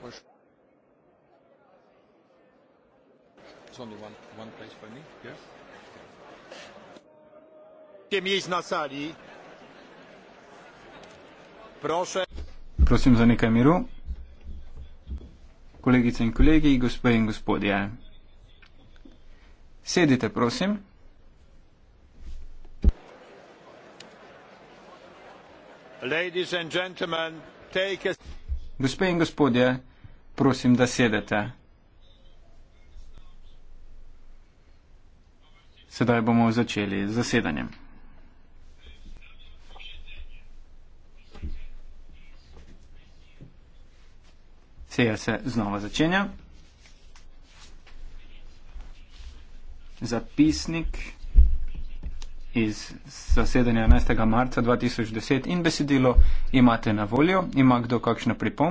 Where should There's only one, one place for me. Yes? Miejsc na sali. Proszę. Prosim za nekaj miru. Kolegice in kolegi, gospe in gospodje. Sedite, prosim. Ladies and gentlemen, take a... Gospe in gospodje, prosim, da sedete. Sedaj bomo začeli z zasedanjem. Seja se znova začenja. Zapisnik iz zasedanja 11. marca 2010 in besedilo imate na voljo. Ima kdo kakšno pripombo?